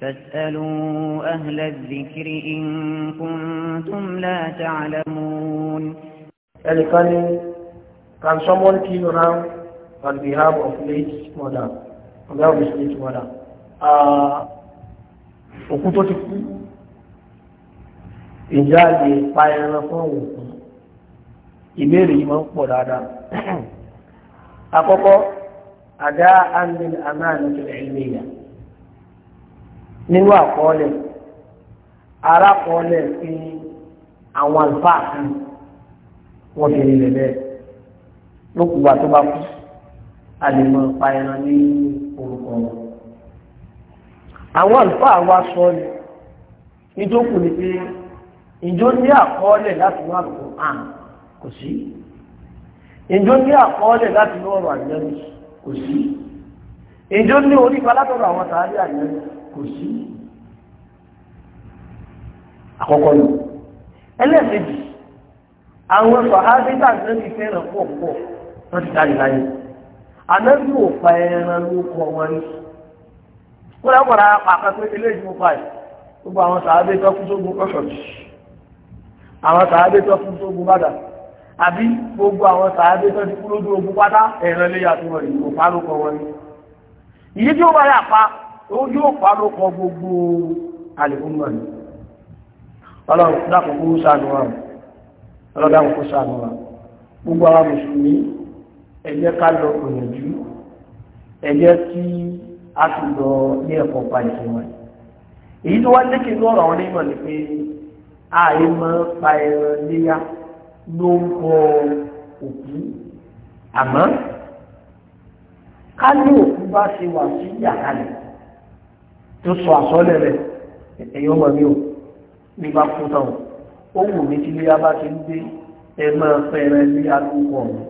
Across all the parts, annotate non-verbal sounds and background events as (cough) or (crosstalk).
فاسألوا أهل الذكر إن كنتم لا تعلمون Elikani, can someone kill ram on behalf of late mother? On behalf of his late mother. Òkú tó ti kú, ìjà lè pa ẹran fún òkú. Ìbéèrè yìí máa ń pọ̀ dáadáa. (clears throat) Àkọ́kọ́, àdá àmì àmì àmì ìlú nínú àkọọ́lẹ̀ arákọọ́lẹ̀ fi àwọn àlùfáà kan wọ́n fi rí lẹ́lẹ́ lókùgbà tó bá kú a lè mọ ipa ẹran ní orúkọ wọn. àwọn àlùfáà wa sọ ni ìjókòó ni pé ìjó ní àkọọ́lẹ̀ láti wá àlùkò àn kò sí ìjó ní àkọọ́lẹ̀ láti lọ́rọ̀ àjẹmí kò sí ìjó ní orí balátọ̀rọ̀ àwọn tààrí àjẹmí kò sí àkọ́kọ́ ni ẹlẹ́ẹ̀kejì àwọn sọ̀hádìtà náà ti fẹ́ràn pọ̀ pọ̀ wọ́n ti dáre láyé ànábì ò pa ẹran ló kọ wọn ní wọ́n lọ́ kọ́ra pàkan pé eléyìí mo pa ẹ̀ gbogbo àwọn sàábé tó kú sógun kọ́sọ̀tì àwọn sàábé tó kú sógun bàdà àbí gbogbo àwọn sàábé tó ti kú lójú ogun pátá ẹran léyà tó wọ̀ ní òpá ló kọ wọn ní ìyí tí ó bá pa ó yóò parókọ gbogbo àlèkúnmọ̀ ní ọlọ́run dákòókò sànù wa ọlọ́run dákòókò sànù wa gbogbo àwọn mùsùlùmí ẹ ká lọ òyìnjú ẹ kí a ti lọ ní ẹ̀kọ́ pa ìsìn wọn èyí tó wá lékè ní ọ̀rọ̀ àwọn onímọ̀ ni pé ààyè máa ń pa ẹran léyà ló ń kọ òkú àmọ́ ká ní òkú bá ṣe wà sí yàrá rẹ̀ tó sọ àsọ́lẹ̀ rẹ̀ ẹ̀yọ́ mọ̀ mí ò ní bá kú tán ó wù mí tí léyà bá ti ń gbé ẹ máa fẹ́rẹ̀ ní àdúgbò ọ̀hún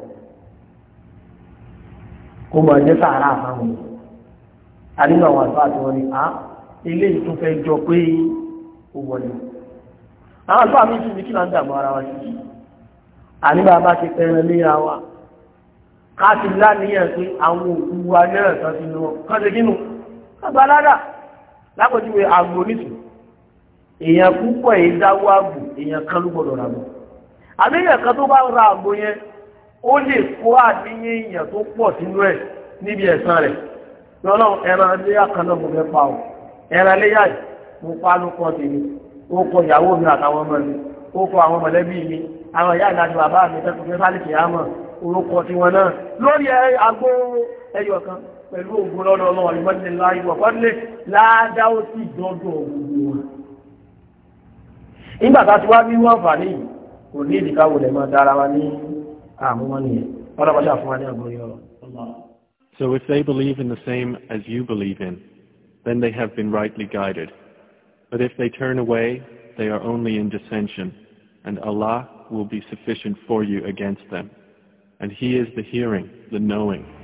kó mọ̀ jẹ́ sàárà àbáwọn àdínà àwọn àgbà tí wọ́n ní à ilé ìtún fẹ́ jọ pé ó wọlé àwọn àgbà mi tún ní kí là ń dàgbọ́ ara wa sí i àníbà bá ti fẹ́rẹ̀ léyà wa ká ti láníyàn pé àwọn òkú wa náà tán ti lọ kán ti dínú kábàládà lápẹjúwe àgbò èèyàn púpọ̀ èyí dáwọ́ àgbò èèyàn kan ló gbọdọ̀ rà mọ́ kan tó bá ra àgbò yẹn ó lè kó èèyàn tó pọ̀ sínú ẹ̀ níbi rẹ̀ lọ́nà ẹran aléyà kan náà mo fẹ́ pa ẹran yìí mo pa tèmi ó kọ ìyàwó mi àtàwọn ọmọ mi ó kọ àwọn mọ̀lẹ́bí mi àwọn ìyá bàbá mi tẹ́kùn fẹ́ fálìkì àmọ́ pẹ̀lú ògùn lọ́dọ̀ ọlọ́wọ́ ìwọ́dìlẹ̀ sì ògùn wọn. So if they believe in the same as you believe in, then they have been rightly guided. But if they turn away, they are only in dissension, and Allah will be sufficient for you against them. And He is the hearing, the knowing.